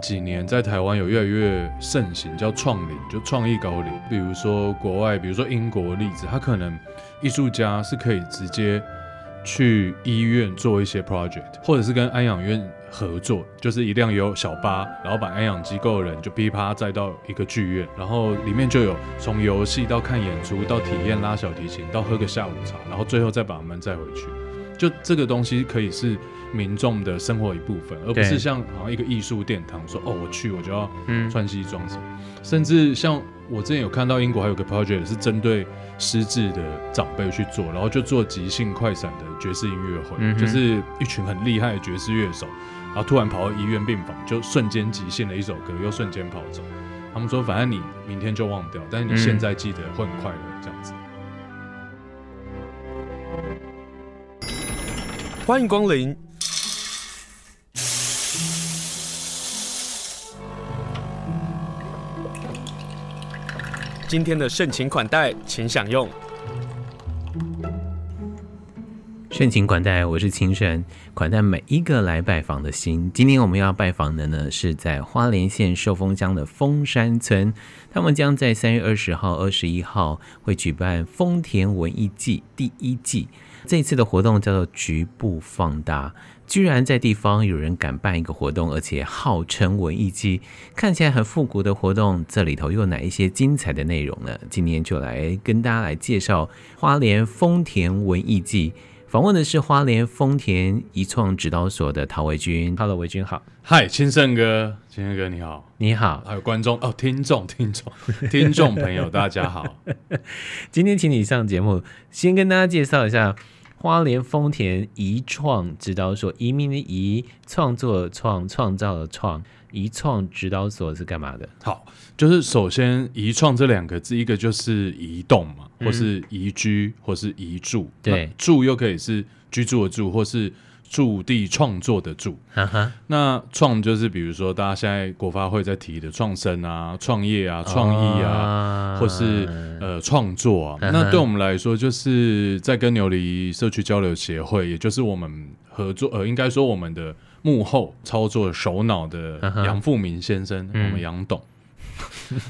幾年在台灣有越來越盛行，叫創齡，就創意高齡。比如說國外，比如說英國例子，他可能藝術家是可以直接去醫院做一些 project，或者是跟安養院合作，就是一輛有小巴，然後把安養機構的人就噼啪載到一個劇院，然後裡面就有從遊戲到看演出到體驗拉小提琴到喝個下午茶，然後最後再把他們載回去。就這個東西可以是。民眾的生活一部分，而不是像好像一個藝術殿堂說，說對哦，我去，我就要穿西裝、嗯、甚至像我之前有看到英國還有個 project 是針對失智的長輩去做，然後就做即興快閃的爵士音樂會，嗯、哼就是一群很厲害的爵士樂手，然後突然跑到醫院病房，就瞬間即興的一首歌，又瞬間跑走。他們說，反正你明天就忘掉，但是你現在記得會很快樂這樣子。嗯、歡迎光臨。今天的盛情款待，請享用。盛情款待，我是清盛，款待每一個來拜訪的心。今天我們要拜訪的呢，是在花蓮縣壽豐鄉的豐山村，他們將在三月二十號、二十一號會舉辦豐田文藝季第一季。這次的活動叫做局部放大，居然在地方有人敢辦一個活動，而且號稱文藝季，看起來很復古的活動，這裡頭又哪一些精彩的內容呢？今天就來跟大家來介紹花蓮豐田文藝季。訪問的是花蓮豐田一創指導所的陶維均。Hello，維均好。Hi，清盛哥。清盛哥你好。你好，你好還有觀眾哦，聽眾，聽眾，聽眾朋友大家好。 今天請你上節目，先跟大家介紹一下。花蓮豐田移創指導所，移民的移創的創，創作的創，創造的創，移創指導所是幹嘛的？好，就是首先移創這兩個字，一個就是移動嘛，或是移居，嗯、或是移住，對，住又可以是居住的住，或是。駐地創作的駐，uh huh. 那創就是比如說，大家現在國發會在提的創生啊、創業啊、創意啊，uh huh. 或是呃創作啊。Uh huh. 那對我們來說，就是在跟牛犁社區交流協會，也就是我們合作，呃，應該說我們的幕後操作首腦的楊富民先生，uh huh. 我們楊董，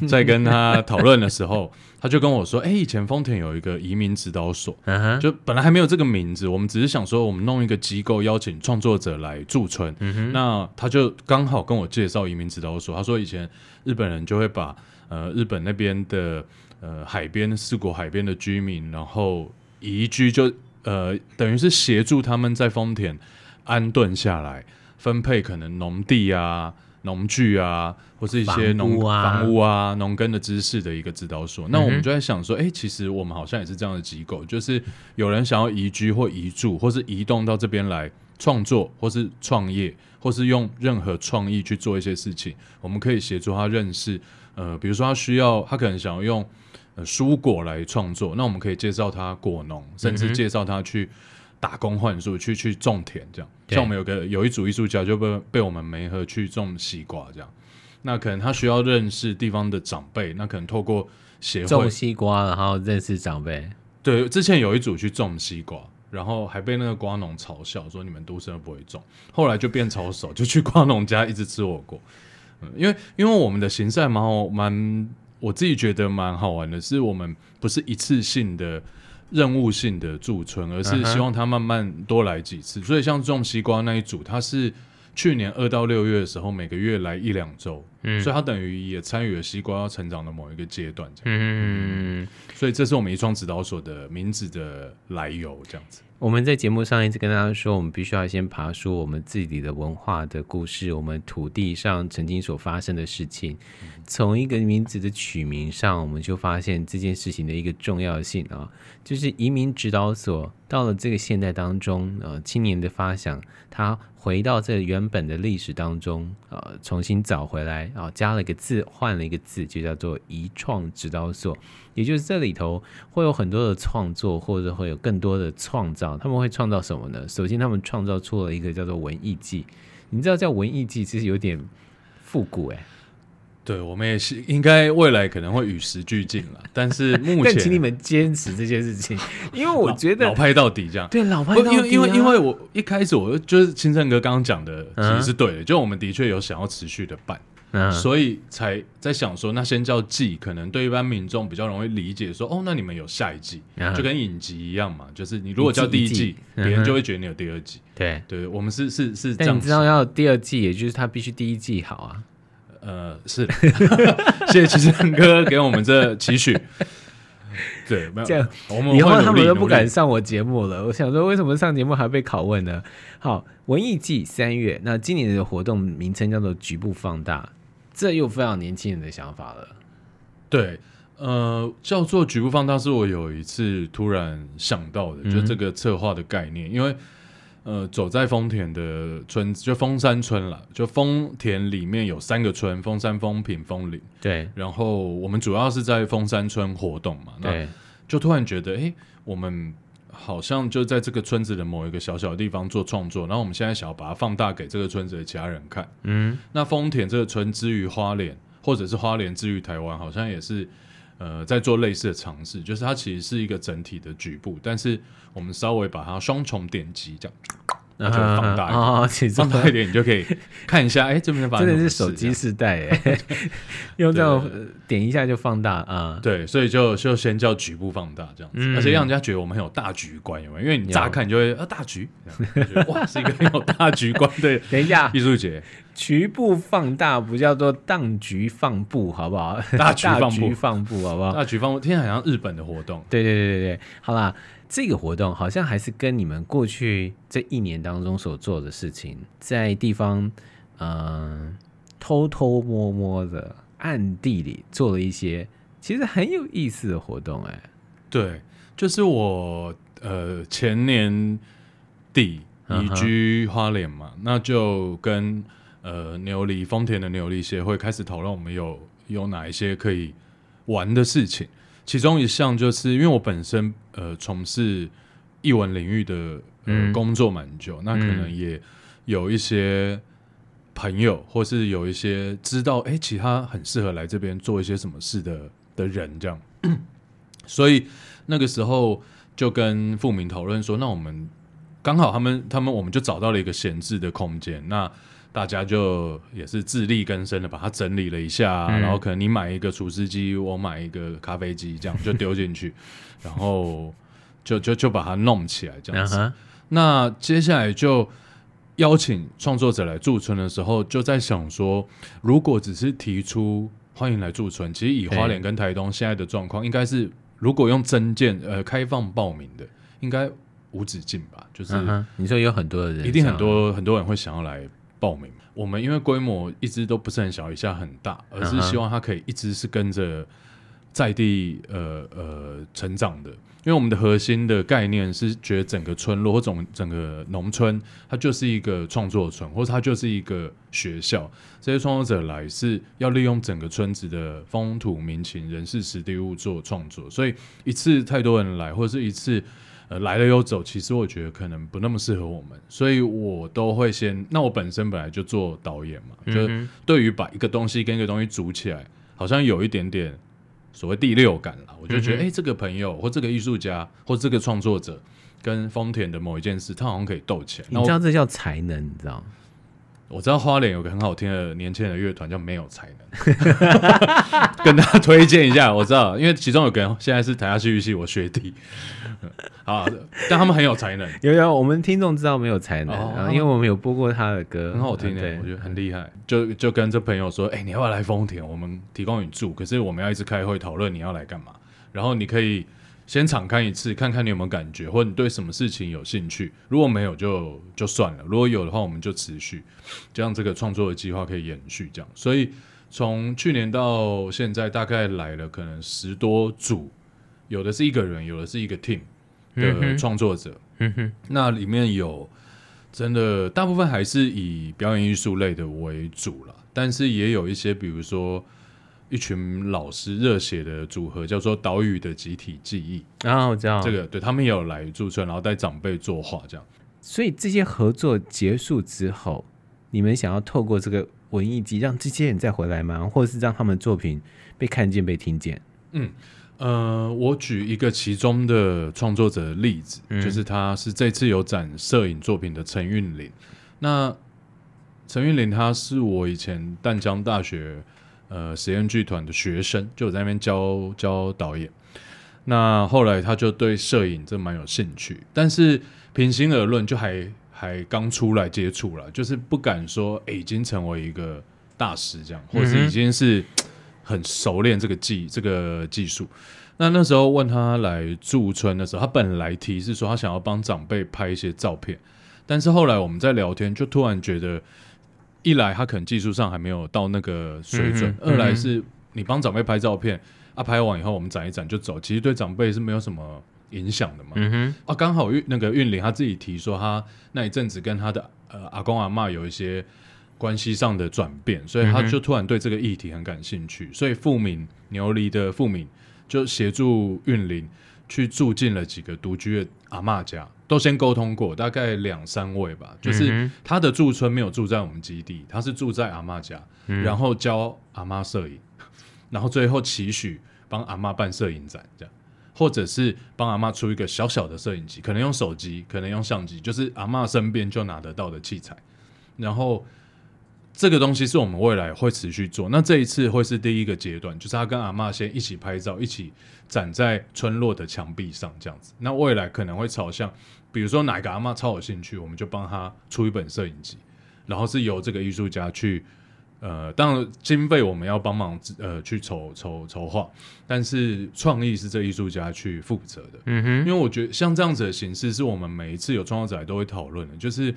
嗯、在跟他討論的時候。 他就跟我說：“哎、欸，以前豐田有一個移民指導所，uh huh. 就本來還沒有這個名字，我們只是想說我們弄一個機構邀請創作者來駐村。Uh huh. 那他就剛好跟我介紹移民指導所，他說以前日本人就會把呃日本那邊的呃海邊四國海邊的居民，然後移居就呃等於是協助他們在豐田安頓下來，分配可能農地啊。”農具啊，或是一些農房屋啊，農耕的知識的一個指導所。嗯、哼那我們就在想說，哎、欸，其實我們好像也是這樣的機構，就是有人想要移居或移住，或是移動到這邊來創作，或是創業，或是用任何創意去做一些事情，我們可以協助他認識。呃，比如說他需要，他可能想要用呃蔬果來創作，那我們可以介紹他果農，甚至介紹他去。嗯打工換宿去去種田，這樣。對像我們有個有一組藝術家就被被我們媒合去種西瓜，這樣。那可能他需要認識地方的長輩，嗯、那可能透過協會種西瓜，然後認識長輩。對，之前有一組去種西瓜，然後還被那個瓜農嘲笑說，你們都市人不會種，後來就變成熟手，就去瓜農家一直吃火鍋。嗯，因為因為我們的形象蠻好，蠻我自己覺得蠻好玩的，是我們不是一次性的。任務性的駐村，而是希望他慢慢多來幾次。Uh huh. 所以像種西瓜那一組，他是去年二到六月的時候，每個月來一兩周。嗯、所以他等於也參與了西瓜要成長的某一個階段，嗯，所以這是我們移創指導所的名字的來由，這樣子。我們在節目上一直跟大家說，我們必須要先爬梳我們自己的文化的故事，我們土地上曾經所發生的事情。從一個名字的取名上，我們就發現這件事情的一個重要性啊，就是移民指導所到了這個現代當中，呃，青年的發想，他回到這個原本的歷史當中，呃，重新找回來。然後、哦，加了一個字，換了一個字，就叫做“移創指導所”，也就是這裡頭會有很多的創作，或者會有更多的創造。他們會創造什麼呢？首先，他們創造出了一個叫做“文藝季”，你知道叫“文藝季”其實有點復古哎、欸。對，我們也是，應該未來可能會與時俱進了。 但是目前，請你們堅持這件事情， 因為我覺得老派到底這樣對老派、啊，因為因為因為我一開始我就覺、是、得清盛哥剛剛講的其實是對的，啊、就我們的確有想要持續的辦。所以才在想說，那先叫季，可能對一般民眾比較容易理解。說哦，那你們有下一季，就跟影集一樣嘛，就是你如果叫第一季，別人就會覺得你有第二季。對，對，我們是是是這樣。但你知道要第二季，也就是他必須第一季好啊。呃，是，謝謝清盛哥給我們這期許。對，這樣，以後他們都不敢上我節目了。我想說，為什麼上節目還被拷問呢？好，文藝季三月，那今年的活動名稱叫做“局部放大”。這又非常年輕人的想法了，對，呃，叫做局部放大，是我有一次突然想到的，嗯、哼就這個策劃的概念，因為，呃，走在豐田的村子，就豐山村啦，就豐田裡面有三個村，豐山、豐坪、豐林，對，然後我們主要是在豐山村活動嘛，對，就突然覺得，哎，我們。好像就在這個村子的某一個小小的地方做創作，然後我們現在想要把它放大給這個村子的其他人看。嗯，那豐田這個村之於花蓮，或者是花蓮之於台灣，好像也是呃在做類似的嘗試，就是它其實是一個整體的局部，但是我們稍微把它雙重點擊這樣。那就放大，放大一點，你就可以看一下。哎，這邊真的是手機時代，哎，用這樣點一下就放大啊。對，所以就就先叫局部放大這樣，而且讓人家覺得我們很有大局觀，有沒有？因為你乍看你就會，啊，大局，哇，是一個很有大局觀。對，等一下，藝術節局部放大不叫做當局放步，好不好？大局放步，大局放步，好不好？大局放步，聽起來好像日本的活動。對對對對，好啦。這個活動好像還是跟你們過去這一年當中所做的事情，在地方，嗯、呃，偷偷摸摸的，暗地裡做了一些其實很有意思的活動。欸，哎，對，就是我呃前年底移居花蓮嘛，嗯、哼那就跟呃牛犁豐田的牛犁協會開始討論，我們有有哪一些可以玩的事情。其中一項就是，因為我本身呃從事藝文領域的、呃嗯、工作蠻久，那可能也有一些朋友，或是有一些知道，欸、其他很適合來這邊做一些什麼事的的人，這樣， 所以那個時候就跟富民討論說，那我們剛好他們他們我們就找到了一個閒置的空間，那。大家就也是自力更生的，把它整理了一下、啊，嗯、然後可能你買一個廚師機，我買一個咖啡機，這樣就丟進去， 然後就就就,就把它弄起來這樣子。啊、哈那接下來就邀請創作者來駐村的時候，就在想說，如果只是提出歡迎來駐村，其實以花蓮跟台東現在的狀況，對應該是如果用徵件呃開放報名的，應該無止境吧？就是、啊、你說有很多人、哦，一定很多很多人會想要來。報名，我們因為規模一直都不是很小，一下很大，而是希望它可以一直是跟着在地呃呃成長的，因為我們的核心的概念是覺得整個村落或整整個農村，它就是一個創作村，或者它就是一個學校。這些創作者來是要利用整個村子的風土民情、人事、時地物做創作，所以一次太多人來，或者是一次。呃，來了又走，其實我覺得可能不那麼適合我們，所以我都會先。那我本身本來就做導演嘛，嗯、哼就對於把一個東西跟一個東西組起來，好像有一點點所謂第六感啦。我就覺得，哎、嗯哼欸，這個朋友或這個藝術家或這個創作者，跟豐田的某一件事，他好像可以鬥起來。你知道這叫才能，你知道嗎？我知道花蓮有個很好聽的年輕人的樂團叫沒有才能， 跟大家推薦一下。我知道，因為其中有個人現在是台下戲劇系我學弟， 好、啊， 但他們很有才能。有有，我們聽眾知道沒有才能，哦、因為我們有播過他的歌，很好聽的，欸，對 我覺得很厲害。對 就就跟這朋友說，哎，你要不要來豐田？我們提供你住，可是我們要一直開會討論你要來幹嘛。然後你可以。先敞開一次，看看你有沒有感覺，或者你對什麼事情有興趣。如果沒有就就算了，如果有的話，我們就持續，這樣這個創作的計劃可以延續。這樣，所以從去年到現在，大概來了可能十多組，有的是一個人，有的是一個 team 的創作者。嗯嗯、那裡面有真的大部分還是以表演藝術類的為主啦，但是也有一些，比如說。一群老師熱血的組合，叫做“島嶼的集體記憶”啊，我知道這個對。他們也有來駐村，然後帶長輩作畫這樣。所以這些合作結束之後，你們想要透過這個文藝季讓這些人再回來嗎？或者是讓他們作品被看見、被聽見？嗯呃，我舉一個其中的創作者的例子，嗯、就是他是這次有展攝影作品的陳運林。那陳運林他是我以前淡江大學，呃，實驗劇團的學生，就我在那邊教教導演。那後來他就對攝影真蠻有興趣，但是平心而論，就還還剛出來接觸啦，就是不敢說、欸、已經成為一個大師這樣，或是已經是很熟練這個技這個技術。那那時候問他來駐村的時候，他本來提示說他想要幫長輩拍一些照片，但是後來我們在聊天，就突然覺得。一來他可能技術上還沒有到那個水準，嗯嗯、二來是你幫長輩拍照片，嗯、哼啊拍完以後我們展一展就走，其實對長輩是沒有什麼影響的嘛。嗯、哼啊剛好運那個運玲他自己提說，他那一陣子跟他的呃阿公阿嬤有一些關係上的轉變，所以他就突然對這個議題很感興趣，嗯、哼所以富敏牛犁的富敏就協助運玲去住進了幾個獨居的阿嬤家。都先溝通過，大概兩三位吧，就是他的駐村沒有住在我們基地，他是住在阿嬤家，嗯、然後教阿嬤攝影，然後最後期許幫阿嬤辦攝影展，這樣，或者是幫阿嬤出一個小小的攝影機，可能用手機，可能用相機，就是阿嬤身邊就拿得到的器材，然後這個東西是我們未來會持續做，那這一次會是第一個階段，就是他跟阿嬤先一起拍照，一起展在村落的牆壁上這樣子，那未來可能會朝向。比如說哪一個阿嬤超有興趣，我們就幫他出一本攝影集，然後是由這個藝術家去，呃，當然經費我們要幫忙呃去籌籌籌劃，但是創意是這藝術家去負責的。嗯哼，因為我覺得像這樣子的形式，是我們每一次有創作者來都會討論的，就是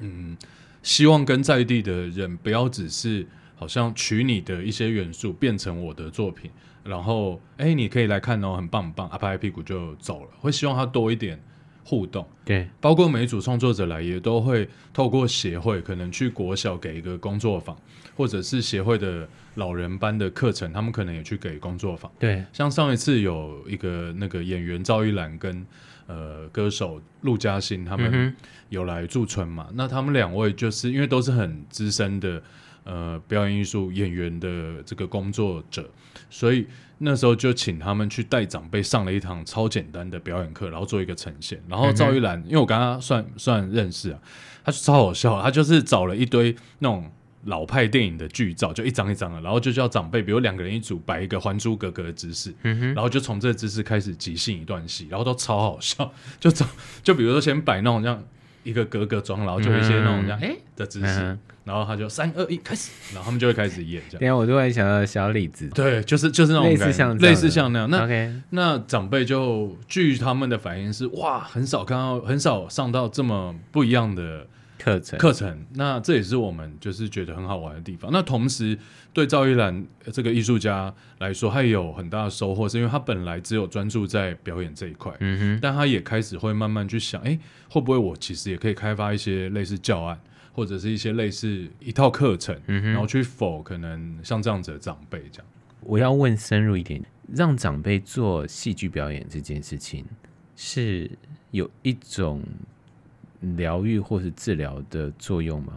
嗯，希望跟在地的人不要只是好像取你的一些元素變成我的作品，然後哎，你可以來看哦，很棒很棒，拍拍屁股就走了，會希望他多一點。互動對包括每一組創作者來也都會透過協會，可能去國小給一個工作坊，或者是協會的老人班的課程，他們可能也去給工作坊。對，像上一次有一個那個演員趙逸嵐跟、呃、歌手陸嘉欣，他們有來駐村嘛？嗯、哼那他們兩位就是因為都是很資深的、呃、表演藝術演員的這個工作者，所以。那時候就請他們去帶長輩上了一堂超簡單的表演課，然後做一個呈現。然後趙玉蘭，mm hmm. 因為我跟她算算認識啊，她超好笑，她就是找了一堆那種老派電影的劇照，就一張一張的，然後就叫長輩，比如兩個人一組擺一個《還珠格格》的姿勢，嗯哼、mm，hmm. 然後就從這個姿勢開始即興一段戲，然後都超好笑，就找就比如說先擺那種像。一個格格裝，然後就一些那種這樣，哎的姿勢。嗯，然後他就三二一開始，然後他們就會開始演這樣。今天我就會想到小李子，對，就是就是那種類似像類似像那樣。那 Okay 那長輩就據他們的反應是，哇，很少看到，很少上到這麼不一樣的。課程課程，那這也是我們就是覺得很好玩的地方。那同時，對趙一蘭這個藝術家來說，他也有很大的收穫，是因為他本來只有專注在表演這一塊，嗯哼，但他也開始會慢慢去想，哎、欸，會不會我其實也可以開發一些類似教案，或者是一些類似一套課程，嗯哼，然後去否可能像這樣子的長輩這樣。我要問深入一點，讓長輩做戲劇表演這件事情，是有一種。療癒或是治療的作用嗎？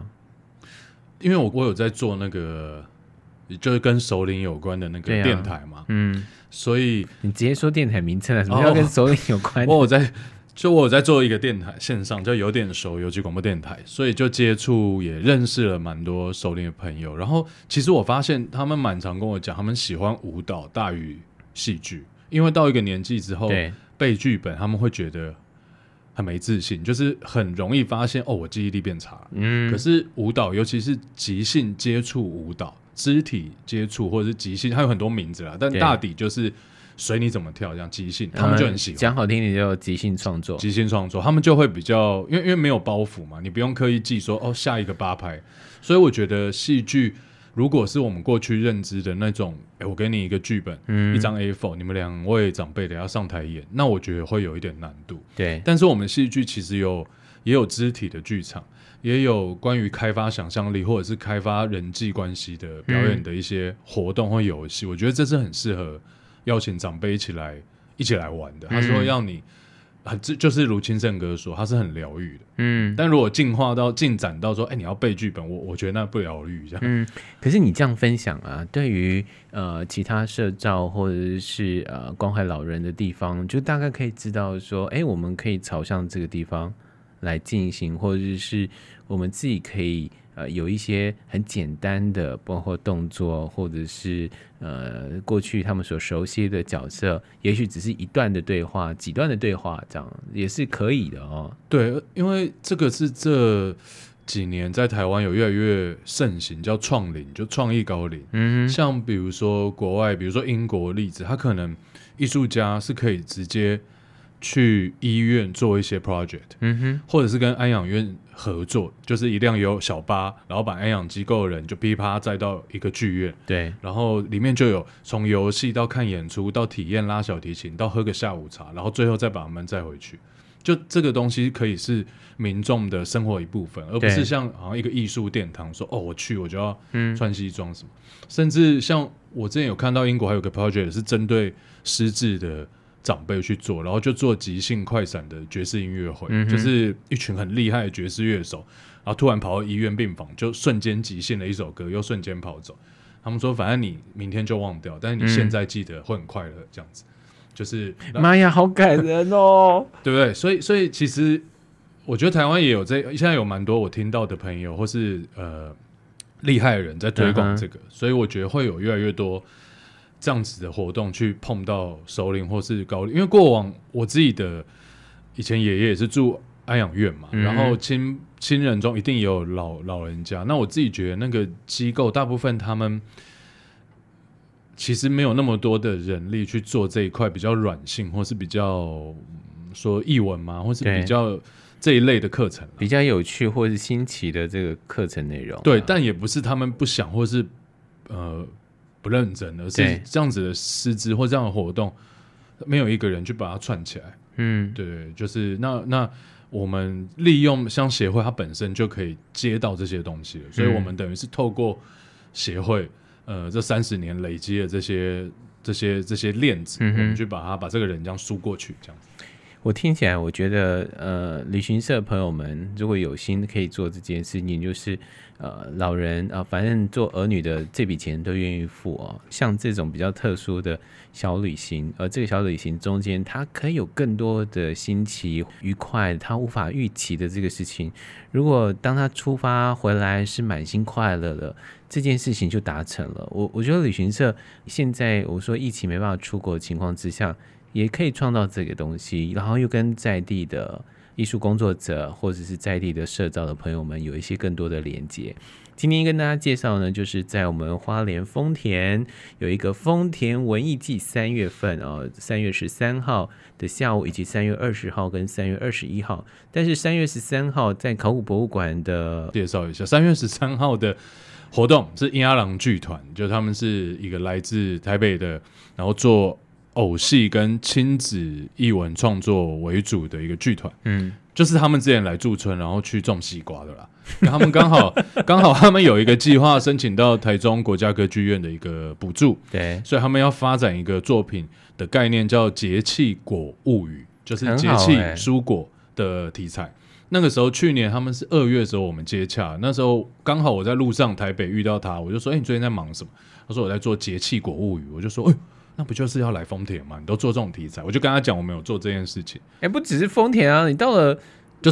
因為我我有在做那個，就是跟熟齡有關的那個電台嘛，啊、嗯，所以你直接說電台名稱啊，什麼要跟熟齡有關、啊哦？我我在就我有在做一個電台線上，就有點熟游擊廣播電台，所以就接觸也認識了蠻多熟齡的朋友。然後其實我發現他們蠻常跟我講，他們喜歡舞蹈大於戲劇，因為到一個年紀之後，對背劇本，他們會覺得。很沒自信，就是很容易發現哦，我記憶力變差。嗯，可是舞蹈，尤其是即興接觸舞蹈、肢體接觸，或者是即興，它有很多名字啦，但大抵就是隨你怎麼跳，這樣即興，他們就很喜歡。嗯，講好聽點就即興創作，即興創作，他們就會比較，因為因為沒有包袱嘛，你不用刻意記說哦，下一個八拍，所以我覺得戲劇。如果是我們過去認知的那種，欸，我給你一個劇本，嗯，一張 A4，你們兩位長輩得要上台演，那我覺得會有一點難度。對，但是我們戲劇其實有，也有肢體的劇場，也有關於開發想象力或者是開發人際關係的表演的一些活動或遊戲，嗯，我覺得這是很適合邀請長輩一起來一起來玩的。他說要你。就就是如清盛哥說，他是很療癒的，嗯。但如果進化到進展到說，哎、欸，你要背劇本，我我覺得那不療癒這樣。嗯。可是你這樣分享啊，對於呃其他社造或者是呃關懷老人的地方，就大概可以知道說，哎、欸，我們可以朝向這個地方來進行，或者是。我們自己可以呃有一些很簡單的，包括動作，或者是呃過去他們所熟悉的角色，也許只是一段的對話，幾段的對話這樣也是可以的哦、喔。對，因為這個是這幾年在台灣有越來越盛行，叫創齡，就創意高齡。嗯哼，像比如說國外，比如說英國例子，他可能藝術家是可以直接去醫院做一些 project，嗯哼，或者是跟安養院。合作，就是一輛有小巴，然後把安養機構的人就噼啪載到一個劇院。對，然後裡面就有從遊戲到看演出到體驗拉小提琴到喝個下午茶，然後最後再把他們載回去。就這個東西可以是民眾的生活一部分，而不是像好像一個藝術殿堂說對哦，我去我就要穿西裝什麼。嗯、甚至像我之前有看到英國還有個 project 是針對失智的。長輩去做，然後就做即興快閃的爵士音樂會，嗯、哼就是一群很厲害的爵士樂手，然後突然跑到醫院病房，就瞬間即興了一首歌，又瞬間跑走。他們說，反正你明天就忘掉，但是你現在記得會很快樂。嗯、這樣子，就是媽呀，好感人哦， 對不對？所以，所以其實我覺得台灣也有這，現在有蠻多我聽到的朋友或是呃厲害的人在推廣這個，嗯、哼所以我覺得會有越來越多。這樣子的活動去碰到熟齡，或是高齡，因為過往我自己的以前爺爺也是住安養院嘛，嗯、然後親親人中一定也有老老人家。那我自己覺得那個機構大部分他們其實沒有那麼多的人力去做這一塊比較軟性，或是比較說藝文嘛，或是比較這一類的課程，啊，比較有趣或是新奇的這個課程內容，啊。對，但也不是他們不想，或是呃。不認真，而是這樣子的師資或這樣的活動，對沒有一個人去把它串起來。嗯，對，就是那那我們利用像協會，它本身就可以接到這些東西、嗯、所以我們等於是透過協會，呃，這三十年累積的這些這些這些鏈子，嗯、哼我們去把它把這個人這樣輸過去，這樣。我聽起來，我覺得，呃，旅行社朋友們如果有心可以做這件事情，就是，呃，老人啊，呃，反正做兒女的這筆錢都願意付哦、喔。像這種比較特殊的小旅行，而這個小旅行中間，它可以有更多的新奇、愉快，它無法預期的這個事情。如果當他出發回來是滿心快樂的，這件事情就達成了。我我覺得旅行社現在我說疫情沒辦法出國的情況之下，也可以創造這個東西，然後又跟在地的藝術工作者或者是在地的社造的朋友們有一些更多的連接。今天跟大家介紹的呢，就是在我們花蓮豐田有一個豐田文藝季，三月份啊，三月十三號的下午，以及三月二十號跟三月二十一號。但是三月十三號在考古博物館的介紹一下，三月十三號的活動是英阿郎劇團，就他們是一個來自台北的，然後做。偶戲跟親子藝文創作為主的一個劇團，嗯，就是他們之前來駐村，然後去種西瓜的啦。他們剛好剛 好他們有一個計劃，申請到台中國家歌劇院的一個補助，對，所以他們要發展一個作品的概念，叫《節氣果物語》，就是節氣蔬果的題材。欸、那個時候，去年他們是二月的時候我們接洽，那時候剛好我在路上台北遇到他，我就說：“哎、欸，你最近在忙什麼？”他說：“我在做節氣果物語。”我就說：“哎、欸。”那不就是要來豐田嘛？你都做這種題材，我就跟他講，我沒有做這件事情。誒、欸，不只是豐田啊，你到了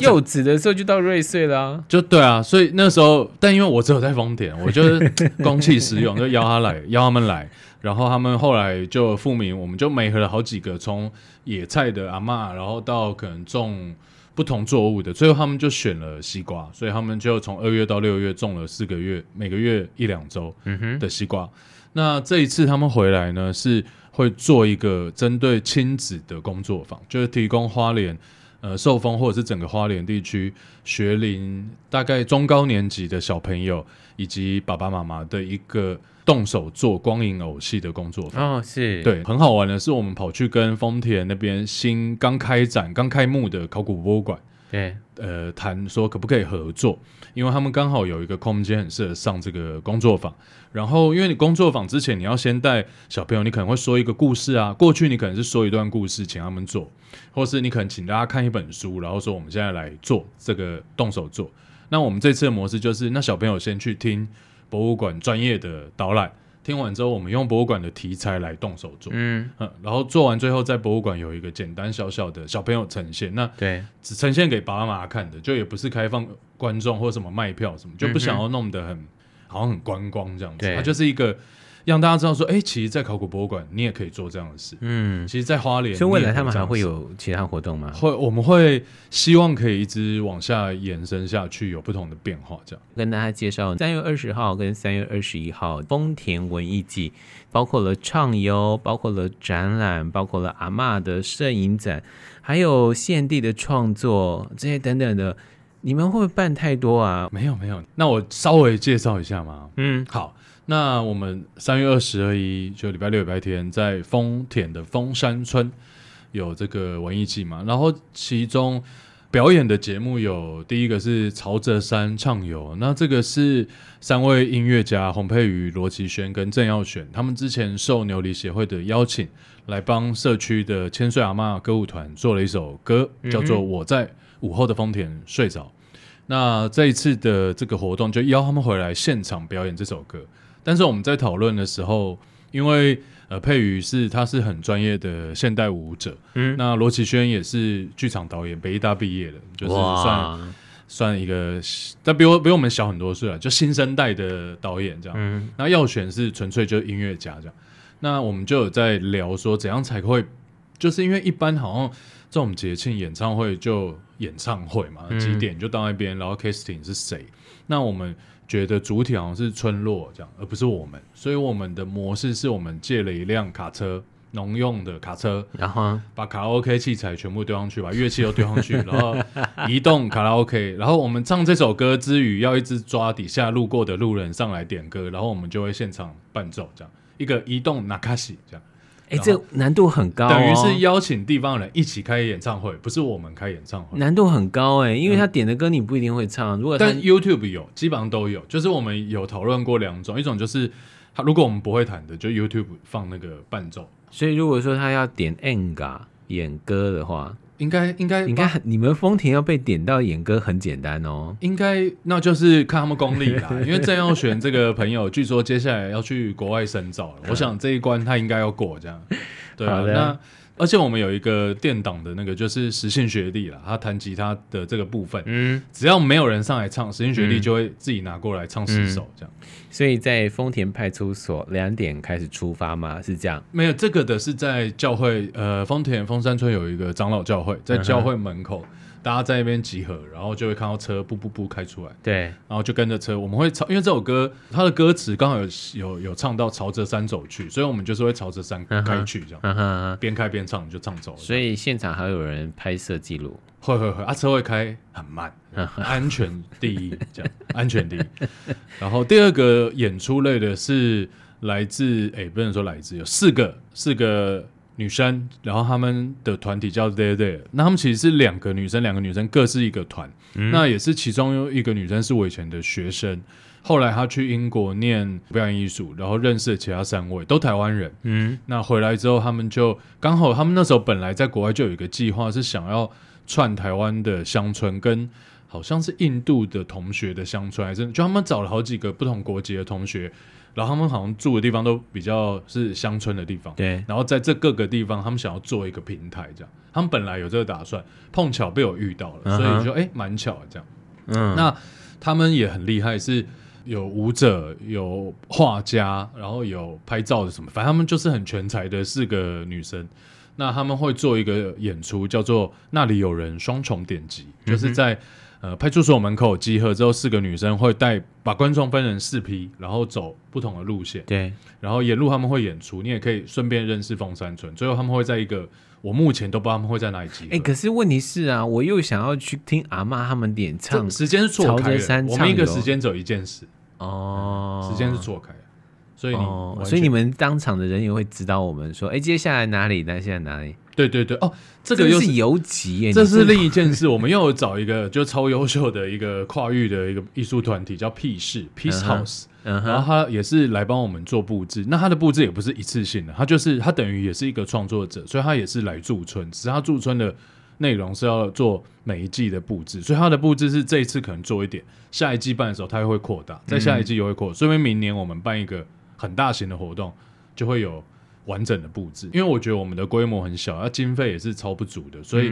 柚子的時候就到瑞穗了，啊就，就對啊。所以那時候，但因為我只有在豐田，我就 公器私用，就邀他來， 邀他們來。然後他們後來就復民，我們就媒合了好幾個，從野菜的阿嬤，然後到可能種不同作物的，最後他們就選了西瓜，所以他們就從二月到六月種了四個月，每個月一兩週的西瓜。嗯那這一次他們回來呢，是會做一個針對親子的工作坊，就是提供花蓮，呃，壽豐或者是整個花蓮地區學齡大概中高年級的小朋友以及爸爸媽媽的一個動手做光影偶戲的工作坊。哦，是，對，很好玩的，是我們跑去跟豐田那邊新剛開展、剛開幕的考古博物館。哎、欸，呃，談說可不可以合作？因為他們剛好有一個空間很適合上這個工作坊。然後，因為你工作坊之前你要先帶小朋友，你可能會說一個故事啊。過去你可能是說一段故事，請他們做，或是你可能請大家看一本書，然後說我們現在來做這個動手做。那我們這次的模式就是，那小朋友先去聽博物館專業的導覽。聽完之後，我們用博物館的題材來動手做，嗯，嗯，然後做完最後在博物館有一個簡單小小的小朋友呈現，那對只呈現給爸爸媽媽看的，就也不是開放觀眾或什麼賣票什麼，就不想要弄得很、嗯、哼好像很觀光這樣子，對它就是一個。讓大家知道說，哎、欸，其實，在考古博物館，你也可以做這樣的事。嗯，其實，在花蓮。所以未來他們還會有其他活動嗎？會，我們會希望可以一直往下延伸下去，有不同的變化。這樣，跟大家介紹：三月二十號跟三月二十一號，豐田文藝季，包括了唱遊，包括了展覽，包括了阿嬤的攝影展，還有現地的創作，這些等等的。你們會不會辦太多啊？沒有，沒有。那我稍微介紹一下嘛。嗯，好。那我們三月二十二一，就禮拜六禮拜天在豐田的豐山村有這個文藝季嘛，然後其中表演的節目有第一個是曹澤山唱遊，那這個是三位音樂家洪佩瑜、羅奇軒跟鄭耀選，他們之前受牛犁協會的邀請來幫社區的千歲阿嬤歌舞團做了一首歌，叫做《我在午後的豐田睡着》，那這一次的這個活動就邀他們回來現場表演這首歌。但是我們在討論的時候，因為呃佩瑜是他是很專業的現代舞者，嗯，那羅奇軒也是劇場導演，北藝大畢業的，就是算哇算一個，但比我比我們小很多歲了，就新生代的導演這樣。嗯，那耀璇是純粹就是音樂家這樣。那我們就有在聊說，怎樣才會，就是因為一般好像這種節慶演唱會就演唱會嘛，嗯、幾點就到那邊，然後 casting 是誰，那我們。覺得主體好像是村落這樣，而不是我們，所以我們的模式是我們借了一輛卡車，農用的卡車，然後把卡拉 OK 器材全部丟上去，把樂器都丟上去， 然後移動卡拉 OK， 然後我們唱這首歌之餘，要一直抓底下路過的路人上來點歌，然後我們就會現場伴奏，這樣一個移動那卡西這樣。哎，這難度很高，哦，等於是邀請地方人一起開演唱會，哦，不是我們開演唱會，難度很高哎、欸，因為他點的歌你不一定會唱。嗯、如果但 YouTube 有，基本上都有，就是我們有討論過兩種，一種就是他如果我們不會彈的，就 YouTube 放那個伴奏。所以如果說他要點 enga 演，演歌的話。應該應該應該，你們豐田要被點到眼哥很簡單哦，應該那就是看他們功力啦， 因為鄭耀選這個朋友， 據說接下來要去國外深造了，嗯、我想這一關他應該要過。這樣，對啊，的那。而且我們有一個店長的那個，就是實信學弟啦。他彈吉他的這個部分，嗯，只要沒有人上來唱，實信學弟就會自己拿過來唱十首這樣。嗯嗯、所以在豐田派出所兩點開始出發嗎？是這樣？沒有，這個的是在教會，呃，豐田豐山村有一個長老教會，在教會門口。嗯大家在那邊集合，然後就會看到車步步步開出來。對，然後就跟着車，我們會朝，因為這首歌它的歌詞剛好有有有唱到朝着山走去，所以我們就是會朝着山開去，這樣、嗯嗯嗯、邊開邊唱就唱走了。所以現場還有人拍攝記錄，會會會啊，車會開很慢，嗯、哼安全第一，這樣、嗯、哼安全第一。 然後第二個演出類的是來自，哎，不能說來自，有四個四個。女生，然後他們的團體叫 There There，那他們其實是兩個女生，兩個女生各是一個團。嗯、那也是其中有一個女生是我以前的學生，後來她去英國唸表演藝術，然後認識了其他三位，都台灣人。嗯，那回來之後，他們就剛好，他們那時候本來在國外就有一個計劃，是想要串台灣的鄉村跟，跟好像是印度的同學的鄉村，還是就他們找了好幾個不同國籍的同學。然後他們好像住的地方都比較是鄉村的地方，對。Okay. 然後在這各個地方，他們想要做一個平台，這樣。他們本來有這個打算，碰巧被我遇到了，uh huh. 所以就哎、欸，蠻巧的這樣。嗯、uh。Huh. 那他們也很厲害，是有舞者、有畫家，然後有拍照的什麼，反正他們就是很全才的四個女生。那他們會做一個演出，叫做《那裡有人雙重點擊》，嗯、哼就是在。呃，派出所門口集合之後，四個女生會帶把觀眾分成四批，然後走不同的路線。對，然後沿路他們會演出，你也可以順便認識鳳山村。最後他們會在一個，我目前都不知道他們會在哪裡集合。哎、欸，可是問題是啊，我又想要去聽阿嬤他們點唱，時間是錯開的。我們一個時間只有一件事。哦，嗯、時間是錯開，所以你、哦，所以你們當場的人也會指導我們說，哎、欸，接下來哪裡？但現在哪裡？對對對哦，這個又是尤其，是耶，這是另一件事。我們又有找一個 就超優秀的一個跨域的一個藝術團體，叫 P Pe e p e a c e House），、uh huh, uh huh. 然後他也是來幫我們做布置。那他的布置也不是一次性的，啊，他就是他等於也是一個創作者，所以他也是來駐村。只是他駐村的內容是要做每一季的布置，所以他的布置是這一次可能做一點，下一季辦的時候他又會擴大，在下一季又會擴大。嗯、所以明年我們辦一個很大型的活動，就會有。完整的佈置，因為我覺得我們的規模很小，那、啊、經費也是超不足的，所以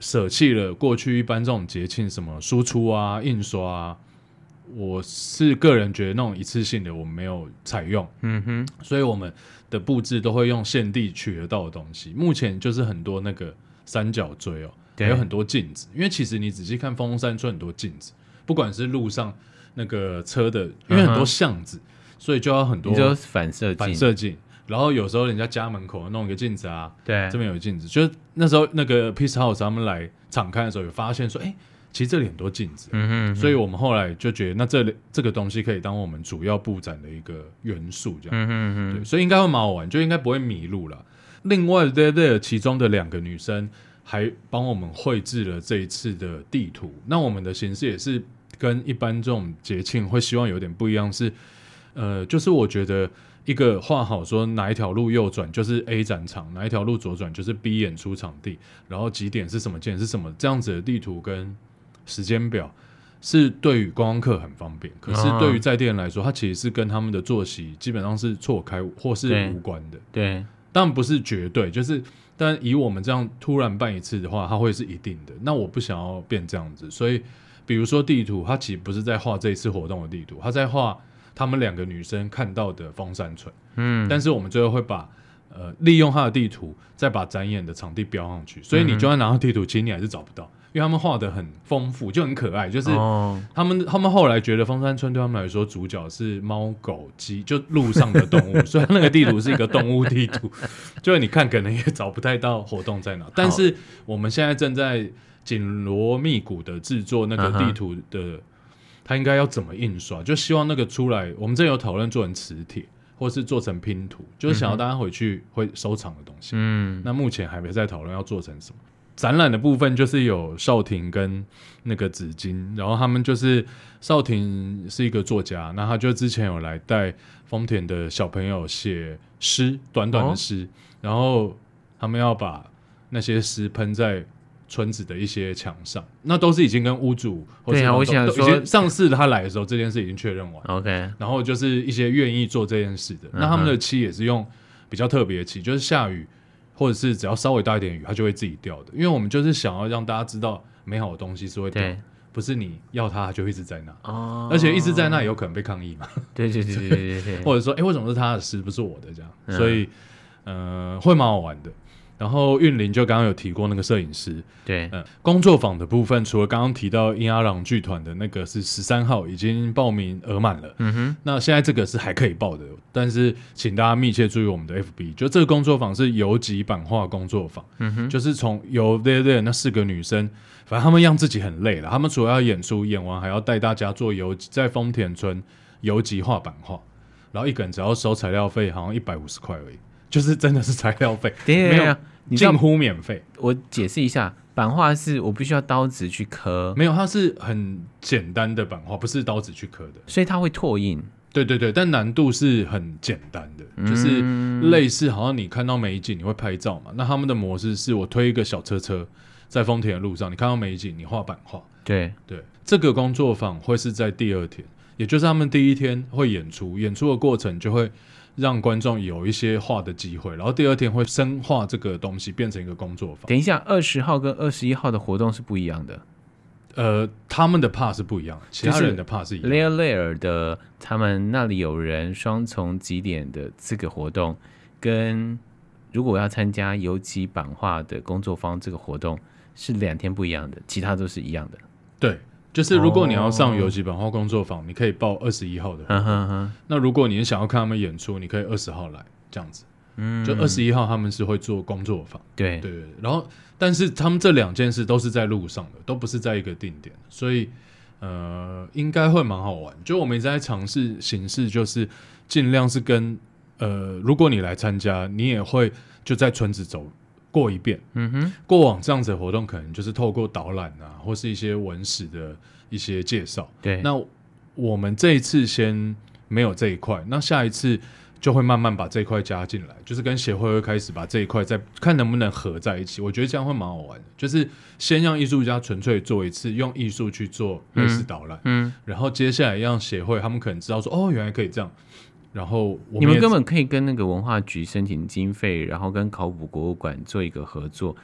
捨棄了過去一般這種節慶什麼輸出啊、印刷啊。我是個人覺得那種一次性的，我們沒有採用。嗯哼，所以我們的佈置都會用現地取得到的東西。目前就是很多那個三角錐哦，對還有很多鏡子，因為其實你仔細看豐山村很多鏡子，不管是路上那個車的，嗯、哼因為很多巷子，所以就要很多反射鏡。然後有時候人家家門口弄一個鏡子啊，對，這邊有鏡子，就是那時候那個 Peace House 他們來敞開的時候，有發現說，哎，其實這裡很多鏡子啊。嗯哼嗯，所以我們後來就覺得，那這裡這個東西可以當我們主要布展的一個元素，這樣，嗯哼嗯，對，所以應該會蠻好玩，就應該不會迷路了。另外，其中的兩個女生還幫我們繪制了這一次的地圖。那我們的形式也是跟一般這種節慶會希望有點不一樣，是，呃，就是我覺得。一個畫好說，哪一條路右轉就是 A 展場，哪一條路左轉就是 B 演出場地，然後幾點是什麼，幾點是什麼，這樣子的地圖跟時間表是對於觀光客很方便，可是對於在地人來說，它其實是跟他們的作息基本上是錯開或是無關的。對，對，但不是絕對，就是但以我們這樣突然辦一次的話，它會是一定的。那我不想要變這樣子，所以比如說地圖，它其實不是在畫這一次活動的地圖，它在畫。他們兩個女生看到的豐山村，嗯，但是我們最後會把呃利用它的地圖，再把展演的場地標上去，所以你就算拿到地圖，嗯、其實你還是找不到，因為他們畫的很豐富，就很可愛。就是他們、哦、他們後來覺得豐山村對他們來說，主角是貓狗雞，就路上的動物， 所以那個地圖是一個動物地圖，就是你看可能也找不太到活動在哪。好但是我們現在正在緊鑼密鼓的制作那個地圖的、嗯。他應該要怎麼印刷？就希望那個出來，我們這有討論做成磁鐵，或是做成拼圖，就是想要大家回去會收藏的東西。嗯哼，那目前還沒在討論要做成什麼。展覽的部分就是有少廷跟那個紫金，然後他們就是少廷是一個作家，那他就之前有來帶豐田的小朋友寫詩，短短的詩，哦、然後他們要把那些詩噴在。村子的一些牆上，那都是已經跟屋主或者對、啊，我想說，上次他來的時候， 這件事已經確認完。OK，然後就是一些願意做這件事的，嗯、哼那他們的漆也是用比較特別的漆，嗯、哼就是下雨或者是只要稍微大一點雨，它就會自己掉的。因為我們就是想要讓大家知道，美好的東西是會掉，對不是你要它就一直在那。哦，而且一直在那有可能被抗議嘛。對對對對對對， 或者說，哎、欸，為什麼是他的詩不是我的這樣？嗯、哼所以，呃，會蠻好玩的。然後韻玲就剛剛有提過那個攝影師，對，嗯，工作坊的部分，除了剛剛提到英阿朗劇團的那個是十三號已經報名額滿了，嗯哼，那現在這個是還可以報的，但是請大家密切注意我們的 FB，就這個工作坊是游擊版畫工作坊，嗯哼，就是從游，對對，對，那四個女生，反正她們讓自己很累了，她們除了要演出，演完還要帶大家做游擊在豐田村游擊畫版畫，然後一個人只要收材料費好像一百五十塊而已。就是真的是材料費，沒有，近乎免費。我解釋一下，版畫是我必須要刀子去刻，沒有，它是很簡單的版畫，不是刀子去刻的，所以它會拓印。對對對，但難度是很簡單的，嗯、就是類似好像你看到美景，你會拍照嘛？那他們的模式是我推一個小車車在豐田的路上，你看到美景，你畫版畫。對對，這個工作坊會是在第二天，也就是他們第一天會演出，演出的過程就會。讓觀眾有一些畫的機會，然後第二天會深化這個東西，變成一個工作坊。等一下，二十號跟二十一號的活動是不一樣的。呃，他們的 p a 是不一樣，其他人的 p a 是一樣的。Layer Layer 的他們那裡有人雙重極點的這個活動，跟如果要參加油基版畫的工作坊這個活動是兩天不一樣的，其他都是一樣的。對。就是如果你要上遊戲版畫工作坊，oh. 你可以報二十一號的。Uh huh huh. 那如果你想要看他們演出，你可以二十號來這樣子。嗯、mm，hmm. 就二十一號他們是會做工作坊。對對對。然後，但是他們這兩件事都是在路上的，都不是在一個定點，所以呃，應該會蠻好玩。就我們一直在嘗試形式，就是盡量是跟呃，如果你來參加，你也會就在村子走。過一遍，嗯哼，過往這樣子的活動可能就是透過導覽啊，或是一些文史的一些介紹。對，那我們這一次先沒有這一塊，那下一次就會慢慢把這一塊加進來，就是跟協會會開始把這一塊再看能不能合在一起。我覺得這樣會蠻好玩的，就是先讓藝術家純粹做一次，用藝術去做類似導覽，嗯，嗯，然後接下來讓協會他們可能知道說，哦，原來可以這樣。然後我們也你們根本可以跟那個文化局申請經費，然後跟考古博物館做一個合作，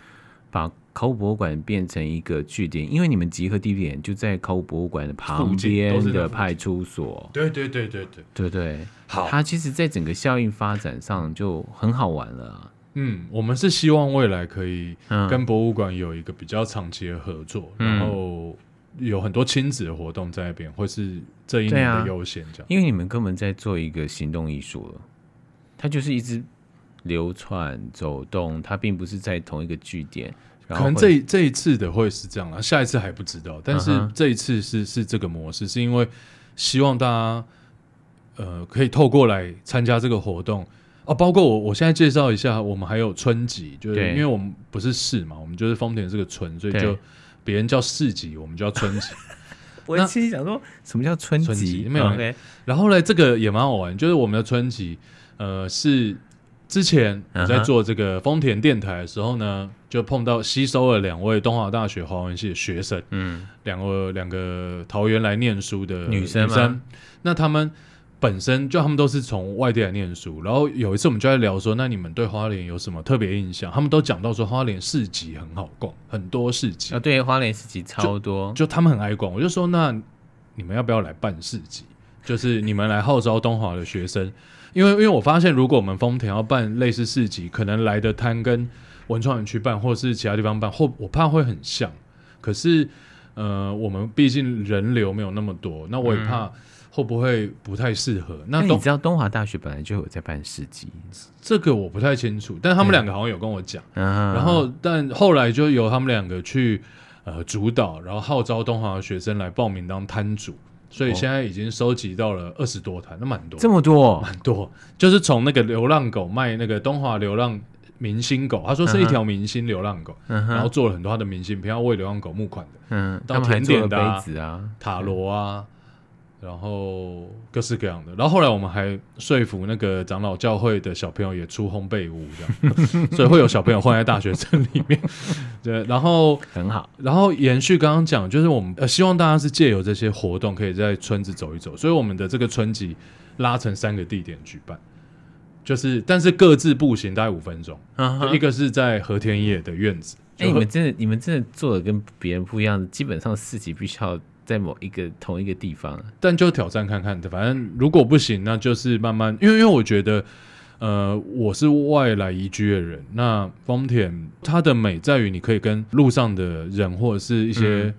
把考古博物館變成一個據點，因為你們集合地點就在考古博物館的旁邊的派出所。對對對對對對對，對對好，它其實，在整個效應發展上就很好玩了。嗯，我們是希望未來可以跟博物館有一個比較長期的合作，嗯，然後。有很多親子的活動在那邊，或是這一年的優先這樣啊。因為你們根本在做一個行動藝術了，它就是一直流竄走動，它並不是在同一個據點。可能這這一次的會是這樣了，下一次還不知道。但是這一次是、嗯、哼是這個模式，是因為希望大家呃可以透過來參加這個活動哦，包括我，我現在介紹一下，我們還有村集，就是對因為我們不是市嘛，我們就是豐田這個村，所以就。別人叫市集，我們叫村集。 我其實想說那什麼叫村集？沒有。Okay. 然後呢，這個也蠻好玩，就是我們的村集，呃，是之前我在做這個豐田電台的時候呢，uh huh. 就碰到吸收了兩位東華大學華文系的學生，嗯兩，兩個兩個桃園來念書的女生，女生那他們。本身就他們都是從外地來念書，然後有一次我們就在聊說，那你們對花蓮有什麼特別印象？他們都講到說，花蓮市集很好逛，很多市集啊，對，花蓮市集超多就，就他們很愛逛。我就說，那你們要不要來辦市集？就是你們來號召東華的學生， 因為因為我發現，如果我們豐田要辦類似市集，可能來的攤跟文創園區辦或是其他地方辦或我怕會很像，可是。呃，我們畢竟人流沒有那麼多，那我也怕會不會不太適合。嗯、那東你知道東華大學本來就有在辦市集，這個我不太清楚，但他們兩個好像有跟我講。對然後，但後來就由他們兩個去呃主導，然後號召東華的學生來報名當攤主，所以現在已經收集到了二十多台，哦、那蠻多，這麼多，蠻多，就是從那個流浪狗賣那個東華流浪。明星狗，他說是一條明星流浪狗，啊、然後做了很多他的明星，不要為流浪狗募款的，啊、到甜點的、啊、杯子啊、塔羅啊，嗯、然後各式各樣的。然後後來我們還說服那個長老教會的小朋友也出烘焙屋這樣， 所以會有小朋友混在大學生裡面， 對，然後很好。然後延續剛剛講，就是我們、呃、希望大家是借由這些活動可以在村子走一走，所以我們的這個村集拉成三個地點舉辦。就是，但是各自步行大概五分鐘，uh huh. 一個是在和田野的院子。哎、欸，你們真的，你們真的做的跟別人不一樣，基本上市集必須要在某一個同一個地方，但就挑戰看看。反正如果不行，那就是慢慢。因為因為我覺得，呃，我是外來移居的人，那豐田它的美在於你可以跟路上的人或者是一些。嗯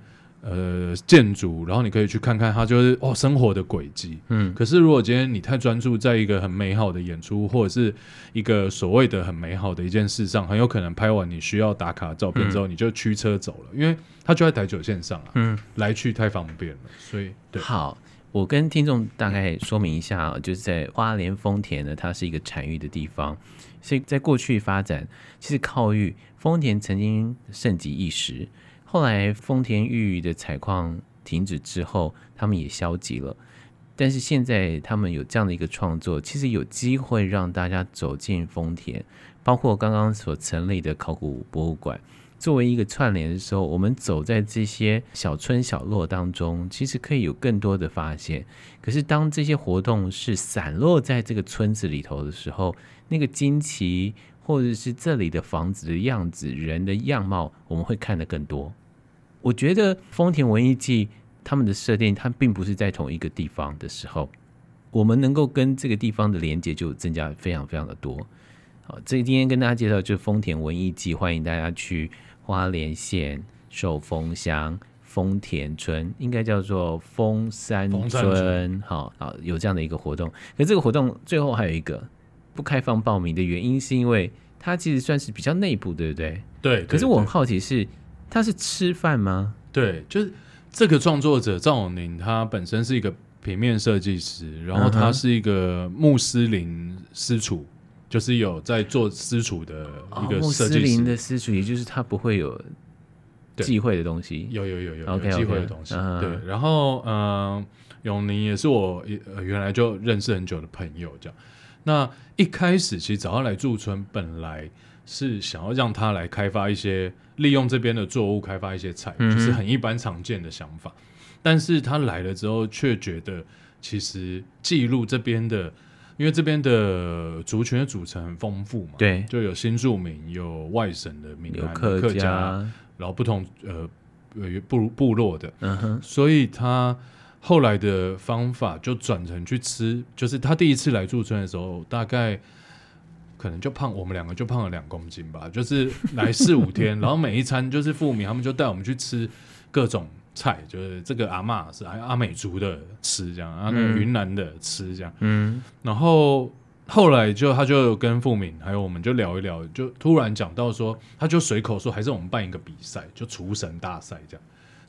呃，建築，然後你可以去看看，它就是哦生活的軌跡。嗯，可是如果今天你太專注在一個很美好的演出，或者是一個所謂的很美好的一件事上，很有可能拍完你需要打卡的照片之後，嗯、你就驅車走了，因為它就在台九線上啊，嗯、來去太方便了。所以，對，好，我跟聽眾大概說明一下，就是在花蓮豐田呢，它是一個產玉的地方，所以在過去發展其實靠玉，豐田曾經盛極一時。後來豐田玉的採礦停止之後，他們也消極了，但是現在他們有這樣的一個創作，其實有機會讓大家走進豐田，包括剛剛所成立的考古博物館，作為一個串聯的時候，我們走在這些小村小落當中，其實可以有更多的發現。可是當這些活動是散落在這個村子裡頭的時候，那個驚奇。或者是這裡的房子的樣子、人的樣貌，我們會看得更多。我覺得豐田文藝季他們的設定，它並不是在同一個地方的時候，我們能夠跟這個地方的連接就增加非常非常的多。好，這今天跟大家介紹就豐田文藝季，歡迎大家去花蓮縣壽豐鄉豐田村，應該叫做豐山村。山村好，好，有這樣的一個活動。可這個活動最後還有一個不開放報名的原因，是因為。他其實算是比較內部，對不對？對，對。可是我很好奇是，是他是吃飯嗎？對，就是這個創作者趙永寧，他本身是一個平面設計師，然後他是一個穆斯林私廚，嗯、哼就是有在做私廚的一個設計師、哦、穆斯林的私廚，也就是他不會有忌諱的東西。有有有有，okay, okay，有忌諱的東西。Okay, uh huh. 對。然後，嗯、呃，永寧也是我、呃、原來就認識很久的朋友，這樣。那一開始其實找他來駐村，本來是想要讓他來開發一些，利用這邊的作物開發一些菜，嗯、哼就是很一般常見的想法。但是他來了之後，卻覺得其實記錄這邊的，因為這邊的族群的組成很豐富嘛，對，就有新住民，有外省的閩南、客家，有客家，然後不同呃部部落的，嗯、哼所以他。後來的方法就轉成去吃，就是他第一次來駐村的時候，大概可能就胖，我們兩個就胖了兩公斤吧。就是來四五天， 然後每一餐就是富明他們就帶我們去吃各種菜，就是這個阿媽是阿美族的吃這樣，然後、嗯、雲南的吃這樣，嗯。然後後來就他就跟富明還有我們就聊一聊，就突然講到說，他就隨口說，還是我們辦一個比賽，就廚神大賽這樣，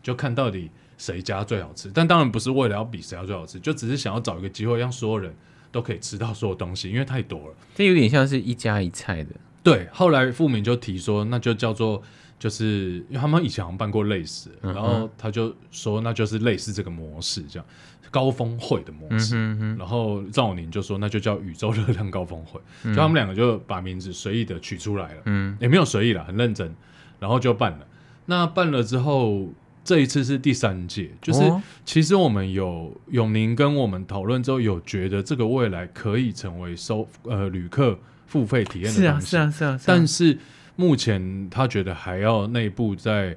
就看到底。誰家最好吃？但當然不是為了要比誰家最好吃，就只是想要找一個機會讓所有人都可以吃到所有東西，因為太多了。這有點像是一家一菜的。對。後來富明就提說，那就叫做，就是因為他們以前好像辦過類似的，然後他就說那就是類似這個模式，這樣高峰會的模式。嗯哼嗯哼，然後趙永寧就說那就叫宇宙熱量高峰會，嗯，就他們兩個就把名字隨意的取出來了，嗯，也沒有隨意了，很認真，然後就辦了。那辦了之後。這一次是第三屆，就是其實我們有永寧、哦，跟我們討論之後，有覺得這個未來可以成為收呃旅客付費體驗的東西。是啊是啊是啊。是啊是啊是啊，但是目前他覺得還要內部再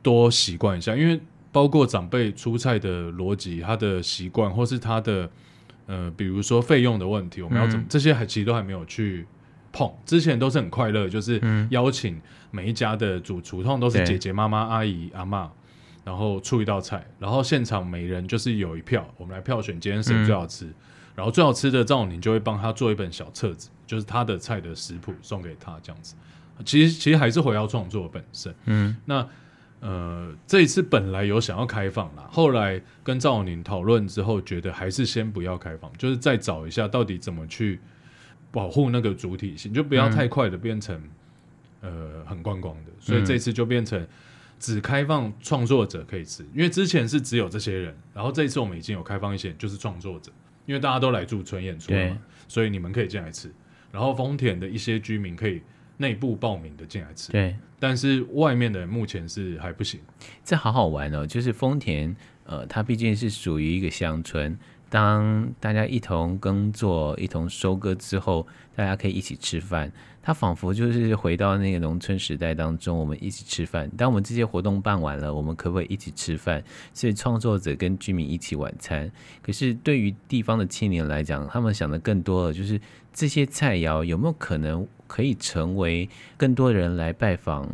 多習慣一下，因為包括長輩出菜的邏輯、他的習慣，或是他的呃，比如說費用的問題，嗯、我們要怎麼，這些還其實都還沒有去碰，之前都是很快樂，就是邀請每一家的主廚，嗯、通常都是姐姐、媽媽、對阿姨、阿嬤。然後出一道菜，然後現場每人就是有一票，我們來票選今天誰最好吃。嗯、然後最好吃的趙永寧就會幫他做一本小冊子，就是他的菜的食譜送給他這樣子。其實其實還是回到創作本身。嗯。那呃，這一次本來有想要開放啦，後來跟趙永寧討論之後，覺得還是先不要開放，就是再找一下到底怎麼去保護那個主體性，就不要太快的變成、嗯、呃很觀光的。所以這次就變成。嗯嗯只開放創作者可以吃，因為之前是只有這些人，然後這一次我們已經有開放一些人，就是創作者，因為大家都來駐村演出嘛，對所以你們可以進來吃。然後豐田的一些居民可以內部報名的進來吃，對。但是外面的目前是還不行。這好好玩哦，就是豐田，呃，它畢竟是屬於一個鄉村，當大家一同耕作、一同收割之後，大家可以一起吃飯。他仿佛就是回到那個農村時代當中，我們一起吃飯。當我們這些活動辦完了，我們可不可以一起吃飯？所以創作者跟居民一起晚餐。可是對於地方的青年來講，他們想的更多了，就是。這些菜餚有沒有可能可以成為更多人來拜訪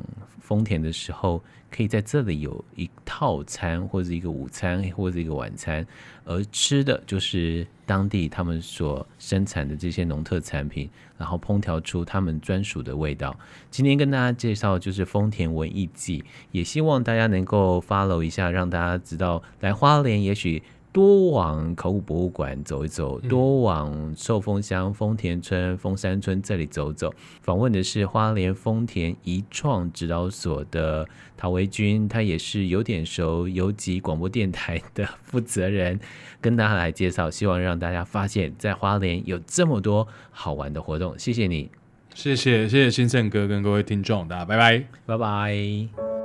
豐田的時候，可以在這裡有一套餐或者一個午餐或者一個晚餐，而吃的就是當地他們所生產的這些農特產品，然後烹調出他們專屬的味道。今天跟大家介紹的就是豐田文藝季，也希望大家能夠 follow 一下，讓大家知道來花蓮也許。多往考古博物館走一走，嗯、多往壽豐鄉豐田村、豐山村這裡走走。訪問的是花蓮豐田移創指導所的陶維均，他也是有點熟遊擊廣播電台的負責人，跟大家來介紹，希望讓大家發現，在花蓮有這麼多好玩的活動。謝謝你，謝謝謝謝清盛哥跟各位聽眾，大家拜拜，拜拜。